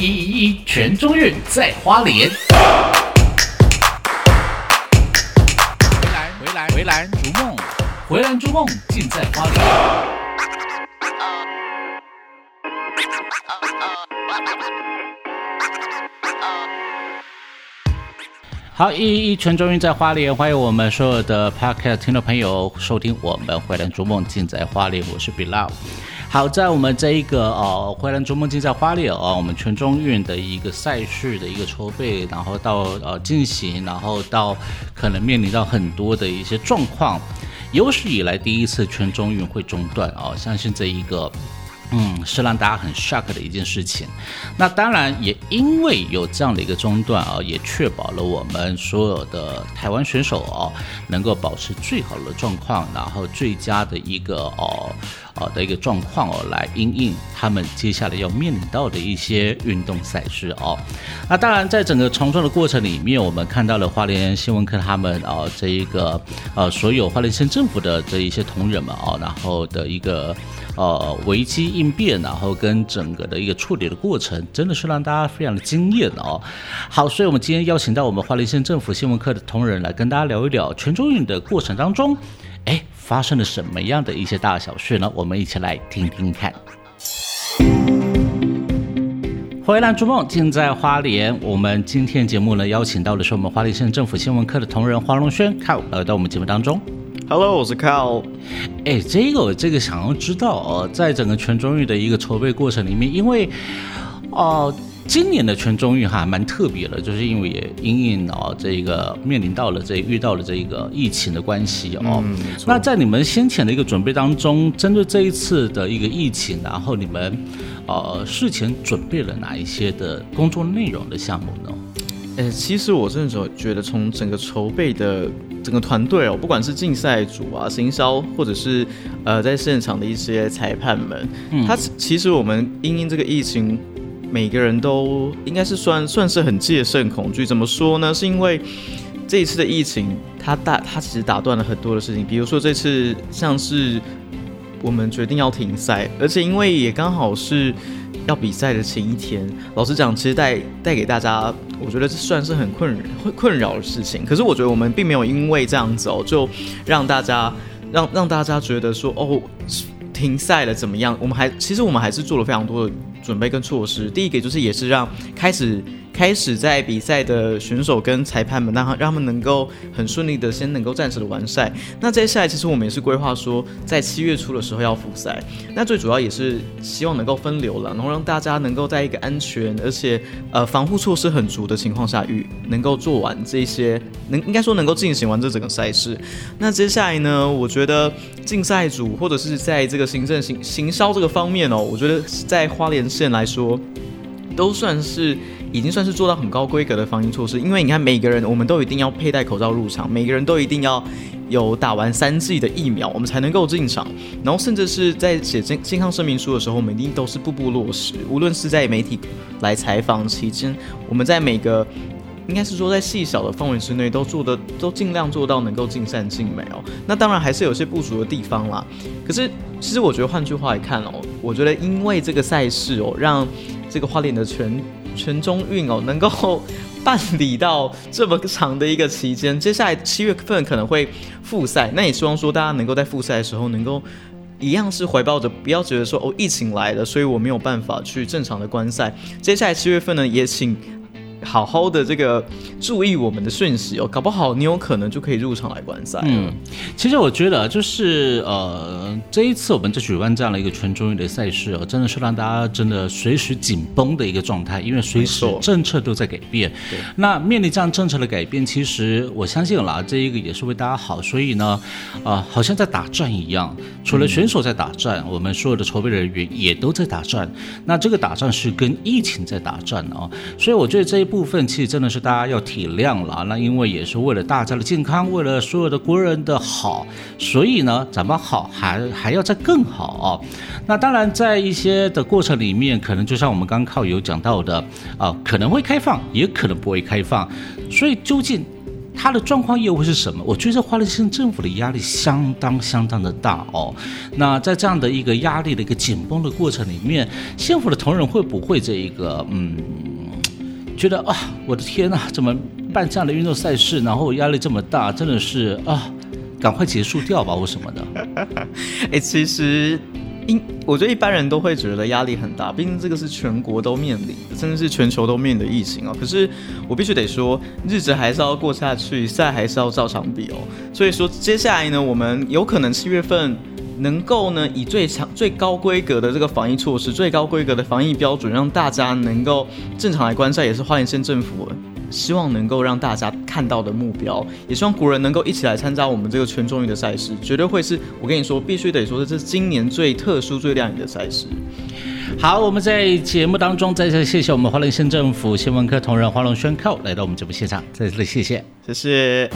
一一一，全中運在花蓮。洄瀾，洄瀾，洄瀾，逐夢，洄瀾，逐夢盡在花蓮。好，一一一，全中運在花蓮。歡迎我們所有的 podcast 聽眾朋友收聽我們洄瀾逐夢盡在，在，在花蓮。我是 Beloved。好，在我們這一個呃，灰南中夢競在花蓮啊、哦，我們全中運的一個賽事的一個籌備，然後到呃進行，然後到可能面臨到很多的一些狀況，有史以來第一次全中運會中斷啊，相信這一個嗯是讓大家很 shock 的一件事情。那當然也因為有這樣的一個中斷啊、哦，也確保了我們所有的台灣選手哦，能夠保持最好的狀況，然後最佳的一個哦。好的一個狀況哦，來因應他們接下來要面臨到的一些運動賽事哦。那當然，在整個創作的過程裡面，我們看到了花蓮新聞科他們哦這一個呃所有花蓮縣政府的這一些同仁們哦，然後的一個呃危機應變，然後跟整個的一個處理的過程，真的是讓大家非常的驚艷哦。好，所以我們今天邀請到我們花蓮縣政府新聞科的同仁來跟大家聊一聊全中運的過程當中，哎。發生了什麼樣的一些大小事呢？我們一起來聽聽看。洄瀾逐夢，盡在花蓮。我們今天節目呢，邀請到的是我們花蓮縣政府新聞科的同仁黃榮軒，凱來到我們節目當中。Hello，我是凱。哎，這個這個想要知道，哦，呃，在整個全中運的一個籌備過程裡面，因為。哦、呃，今年的全中運哈蠻特別的，就是因為也因應，哦、呃、這個面臨到了這遇到了這一個疫情的關係，嗯、哦。那在你們先前的一個準備當中，針對這一次的一個疫情，然後你們呃事前準備了哪一些的工作內容的項目呢？誒、欸，其實我甚至覺得，從整個籌備的整個團隊哦，不管是競賽組啊，行銷，或者是呃在現場的一些裁判們，他，嗯、其實我們因應這個疫情。每個人都應該是算算是很戒慎恐懼，怎麼說呢？是因為這一次的疫情，它大，他其實打斷了很多的事情，比如說這次像是我們決定要停賽，而且因為也剛好是要比賽的前一天，老實講，其實帶帶給大家，我覺得這算是很困困擾的事情。可是我覺得我們並沒有因為這樣子哦，就讓大家讓讓大家覺得說哦停賽了怎麼樣？我們還其實我們還是做了非常多的。準備跟措施，第一個就是也是讓開始。開始在比賽的選手跟裁判們，讓讓他們能夠很順利的先能夠暫時的完賽。那接下來其實我們也是規劃說，在七月初的時候要複賽。那最主要也是希望能夠分流了，能讓大家能夠在一個安全而且呃防護措施很足的情況下，與能夠做完這些，能應該說能夠進行完這整個賽事。那接下來呢，我覺得競賽組或者是在這個行政行行銷這個方面哦、喔，我覺得在花蓮縣來說，都算是。已經算是做到很高規格的防疫措施，因為你看，每個人我們都一定要佩戴口罩入場，每個人都一定要有打完三劑的疫苗，我們才能夠進場。然後，甚至是在寫健健康聲明書的時候，我們一定都是步步落實。無論是在媒體來採訪期間，我們在每個應該是說在細小的範圍之內都做的都儘量做到能夠盡善盡美哦。那當然還是有些不足的地方啦。可是，其實我覺得換句話來看哦，我覺得因為這個賽事哦，讓這個花蓮的全全中運哦，能夠辦理到這麼長的一個期間，接下來七月份可能會複賽，那也希望說大家能夠在複賽的時候，能夠一樣是懷抱着不要覺得說哦，疫情來了，所以我沒有辦法去正常的觀賽。接下來七月份呢，也請。好好的這個注意我們的訊息哦，搞不好你有可能就可以入場來觀賽。嗯，其實我覺得就是呃這一次我們就舉辦這樣的一個全中運的賽事哦，真的是讓大家真的隨時緊繃的一個狀態，因為隨時政策都在改變。那面對這樣政策的改變，其實我相信了這一個也是為大家好，所以呢，啊、呃、好像在打仗一樣，除了選手在打仗，嗯、我們所有的籌備人員也都在打仗，那這個打仗是跟疫情在打仗哦，所以我覺得這一步。部分其實真的是大家要體諒了，那因為也是為了大家的健康，為了所有的國人的好，所以呢，怎麼好還還要再更好啊、哦。那當然，在一些的過程裡面，可能就像我們剛剛有講到的啊、呃，可能會開放，也可能不會開放。所以究竟它的狀況又會是什麼？我覺得花蓮縣政府的壓力相當相當的大哦。那在這樣的一個壓力的一個緊繃的過程裡面，縣府的同仁會不會這一個嗯？覺得啊，我的天哪，怎麼辦這樣的運動賽事？然後壓力這麼大，真的是啊，趕快結束掉吧，我什麼的。哎、 欸，其實，應我覺得一般人都會覺得壓力很大，畢竟這個是全國都面臨的，甚至是全球都面臨的疫情啊、哦。可是我必須得說，日子還是要過下去，賽還是要照常比哦。所以說，接下來呢，我們有可能七月份。能夠呢，以最長、最高規格的這個防疫措施，最高規格的防疫標準，讓大家能夠正常來觀賽，也是花蓮縣政府希望能夠讓大家看到的目標。也希望國人能夠一起來參加我們這個全中運的賽事，絕對會是，我跟你說，必須得說，這是今年最特殊、最亮眼的賽事。好，我們在節目當中再次謝謝我們花蓮縣政府新聞科同仁黃龍宣靠來到我們直播現場，再次的謝謝，謝謝。